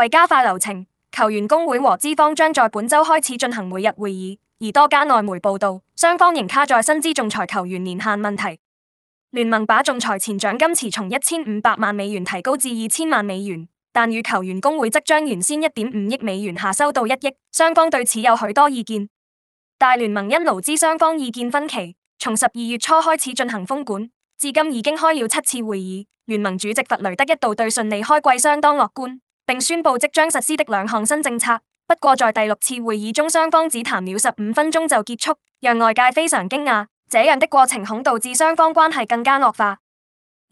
為加快流程，球員工會和資方將在本周開始進行每日會議。而多家外媒報道，雙方仍卡在薪資仲裁球員年限問題。聯盟把仲裁前獎金池從一千五百萬美元提高至二千萬美元，但與球員工會則將原先一點五億美元下修到一億，雙方對此有許多意見。大聯盟因勞資雙方意見分歧，從十二月初開始進行封管，至今已經開了七次會議。聯盟主席弗雷德一度對順利開季相當樂觀。並宣布即將實施的兩項新政策。不過在第六次會議中，雙方只談了十五分鐘就結束，讓外界非常驚訝。這樣的過程恐導致雙方關係更加惡化。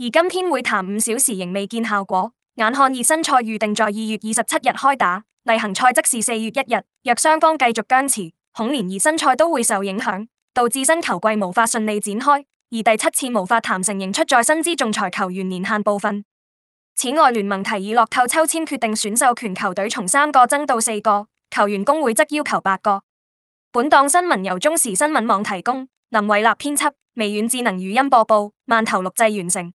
而今天會談五小時仍未見效果，眼看熱身賽預定在二月二十七日開打，例行賽則是四月一日。若雙方繼續僵持，恐連熱身賽都會受影響，導致新球季無法順利展開。而第七次無法談成，仍出在薪資仲裁球員年限部分。此外，聯盟提議樂透抽籤決定選秀權球隊從三個增到四個，球員工會則要求八個。本檔新聞由中時新聞網提供，林偉納編輯，微軟智能語音播報，慢頭錄製完成。